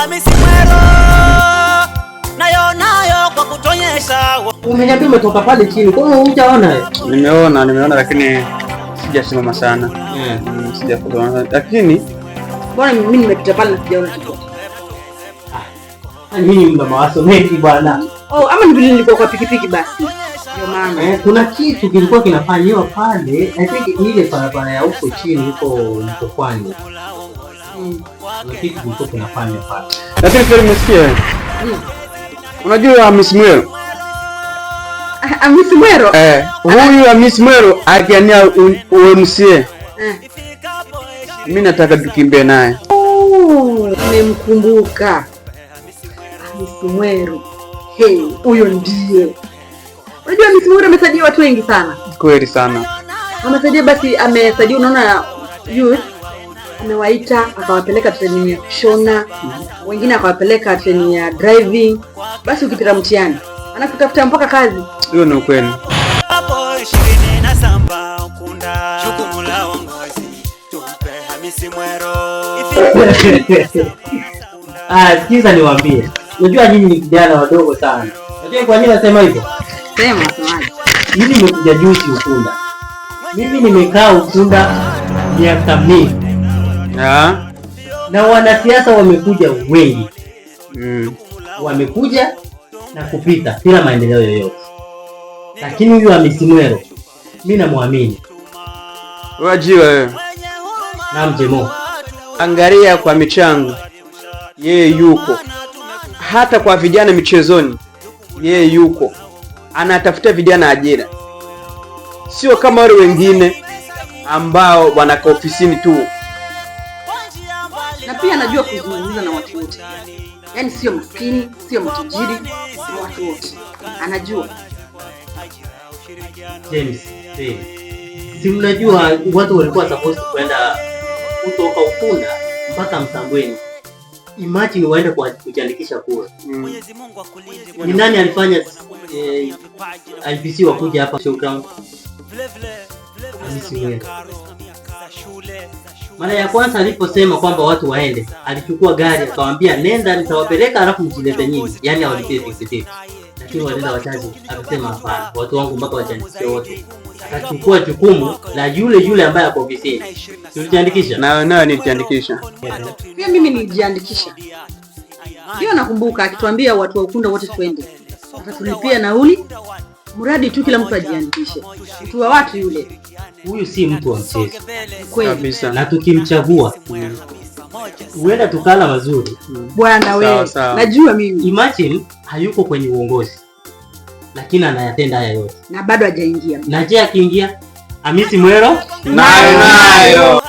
Hamisi Mwero nayo nayo kwa kutonyesha. Umeniambia umetoka pale chini, kwa hiyo hujaona? Nimeona, nimeona lakini sijasimama sana, mm, sijafuata lakini bwana, mimi nimepita pale na sijaona chochote. Ah, mimi mda mawazo mengi bwana. Oh, ama ni vile nilikuwa kwa pikipiki basi. Eh, kuna kitu kilikuwa kinafanyiwa pale, I think ile barabara ya huko chini huko Mtopwani. Lakini pia nimesikia unajua, Miss Hamisi a ah, ah, Miss Mwero. eh, huyu Miss Mwero akiania UMCA Eh. mimi nataka tukimbie naye. Oh, nimemkumbuka Miss Mwero. Hey, huyo ndiye. Unajua Miss Mwero amesaidia watu wengi sana kweli sana, amesaidia basi, amesaidia unaona youth amewaita akawapeleka training ya kushona, wengine akawapeleka training ya driving. Basi ukipita mtihani anakutafuta mpaka kazi. Hiyo ni ukweli. Ah, sikiza niwaambie, unajua nyinyi ni vijana wadogo sana. Unajua kwa nini nasema hivyo? Sema Mimi nimekuja juzi Ukunda, mimi nimekaa Ukunda miaka mingi yeah. Na wanasiasa wamekuja wengi mm. Wamekuja na kupita bila maendeleo yoyote, lakini huyu Amisimwero mi namwamini. wajiwe na mjemo. angalia kwa michango yeye yuko, hata kwa vijana michezoni yeye yuko, anatafuta vijana ajira, sio kama wale wengine ambao wanakaa ofisini tu pia anajua kuzungumza na watu wote, yaani sio maskini, sio matajiri, watu wote anajua. James, eh, si mnajua watu walikuwa supposed kwenda kutoka Ukunda mpaka Msambweni. Imagine waende kujiandikisha kura. Mm. Ni nani alifanya eh, IPC wakuja hapa showground? Mara ya kwanza aliposema kwamba watu waende, alichukua gari akawaambia, nenda nitawapeleka, alafu mjilete nyinyi, yaani awalipie tikiti. Lakini walenda wachache, akasema hapana, watu wangu mpaka wajiandikishe wote. Akachukua jukumu la yule yule ambaye ako ofisini. Tulijiandikisha na nayo nilijiandikisha pia, mimi nilijiandikisha. Hiyo nakumbuka akituambia watu wa Ukunda wote twende, akatulipia nauli mradi tu kila mtu ajiandikishe. Mtu wa watu yule, huyu si mtu wa mchezo kabisa, na tukimchagua mm. huenda tukala mazuri bwana. Wewe najua mimi, imagine hayuko kwenye uongozi, lakini anayatenda haya yote na bado hajaingia. Na je, akiingia Hamisi Mwero nayo nayo